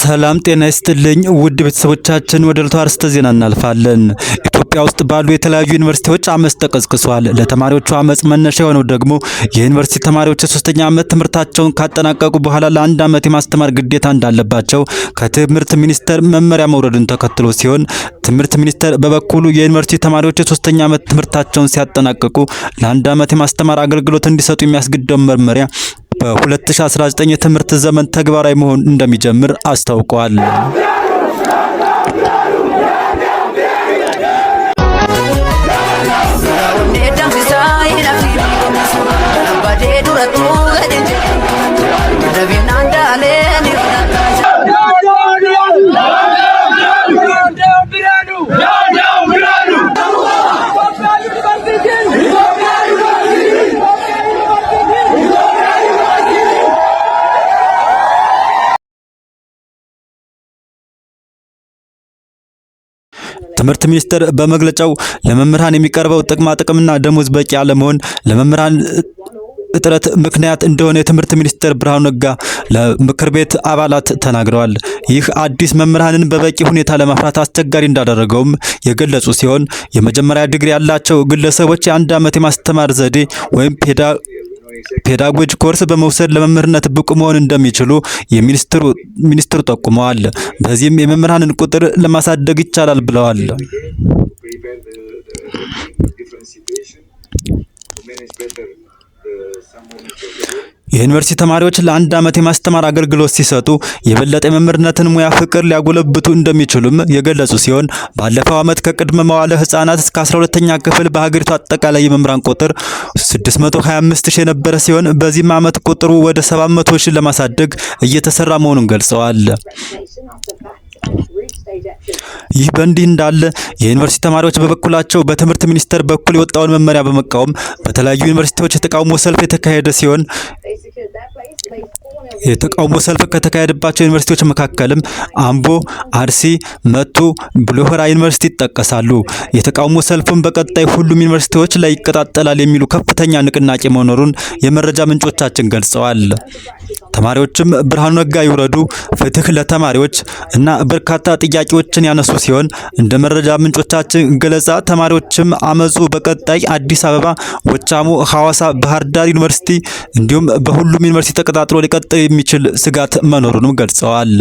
ሰላም ጤና ይስጥልኝ ውድ ቤተሰቦቻችን፣ ወደ ዕለቱ አርስተ ዜና እናልፋለን። ኢትዮጵያ ውስጥ ባሉ የተለያዩ ዩኒቨርሲቲዎች አመፅ ተቀስቅሷል። ለተማሪዎቹ አመፅ መነሻ የሆነው ደግሞ የዩኒቨርሲቲ ተማሪዎች የሶስተኛ ዓመት ትምህርታቸውን ካጠናቀቁ በኋላ ለአንድ ዓመት የማስተማር ግዴታ እንዳለባቸው ከትምህርት ሚኒስቴር መመሪያ መውረድን ተከትሎ ሲሆን ትምህርት ሚኒስቴር በበኩሉ የዩኒቨርሲቲ ተማሪዎች የሶስተኛ ዓመት ትምህርታቸውን ሲያጠናቅቁ ለአንድ ዓመት የማስተማር አገልግሎት እንዲሰጡ የሚያስገድደው መመሪያ በ2019 የትምህርት ዘመን ተግባራዊ መሆን እንደሚጀምር አስታውቋል። ትምህርት ሚኒስቴር በመግለጫው ለመምህራን የሚቀርበው ጥቅማ ጥቅምና ደሞዝ በቂ አለመሆን ለመምህራን እጥረት ምክንያት እንደሆነ የትምህርት ሚኒስትር ብርሃኑ ነጋ ለምክር ቤት አባላት ተናግረዋል። ይህ አዲስ መምህራንን በበቂ ሁኔታ ለማፍራት አስቸጋሪ እንዳደረገውም የገለጹ ሲሆን የመጀመሪያ ዲግሪ ያላቸው ግለሰቦች የአንድ ዓመት የማስተማር ዘዴ ወይም ፔዳጎጂ ኮርስ በመውሰድ ለመምህርነት ብቁ መሆን እንደሚችሉ የሚኒስትሩ ሚኒስትሩ ጠቁመዋል። በዚህም የመምህራንን ቁጥር ለማሳደግ ይቻላል ብለዋል። የዩኒቨርሲቲ ተማሪዎች ለአንድ ዓመት የማስተማር አገልግሎት ሲሰጡ የበለጠ የመምህርነትን ሙያ ፍቅር ሊያጎለብቱ እንደሚችሉም የገለጹ ሲሆን ባለፈው ዓመት ከቅድመ መዋለ ህጻናት እስከ 12ኛ ክፍል በሀገሪቱ አጠቃላይ የመምህራን ቁጥር 625 ሺህ የነበረ ሲሆን በዚህም ዓመት ቁጥሩ ወደ 700 ሺህ ለማሳደግ እየተሰራ መሆኑን ገልጸዋል። ይህ በእንዲህ እንዳለ የዩኒቨርሲቲ ተማሪዎች በበኩላቸው በትምህርት ሚኒስቴር በኩል የወጣውን መመሪያ በመቃወም በተለያዩ ዩኒቨርሲቲዎች የተቃውሞ ሰልፍ የተካሄደ ሲሆን የተቃውሞ ሰልፍ ከተካሄደባቸው ዩኒቨርሲቲዎች መካከልም አምቦ፣ አርሲ፣ መቱ፣ ብሎሆራ ዩኒቨርሲቲ ይጠቀሳሉ። የተቃውሞ ሰልፉን በቀጣይ ሁሉም ዩኒቨርሲቲዎች ላይ ይቀጣጠላል የሚሉ ከፍተኛ ንቅናቄ መኖሩን የመረጃ ምንጮቻችን ገልጸዋል። ተማሪዎችም ብርሃኑ ነጋ ይውረዱ፣ ፍትህ ለተማሪዎች እና በርካታ ጥያቄዎችን ያነሱ ሲሆን እንደ መረጃ ምንጮቻችን ገለጻ ተማሪዎችም አመፁ በቀጣይ አዲስ አበባ፣ ወቻሞ፣ ሐዋሳ፣ ባህር ዳር ዩኒቨርሲቲ እንዲሁም በሁሉም ዩኒቨርሲቲ ተቀጣጥሎ ሊቀጥል የሚችል ስጋት መኖሩንም ገልጸዋል።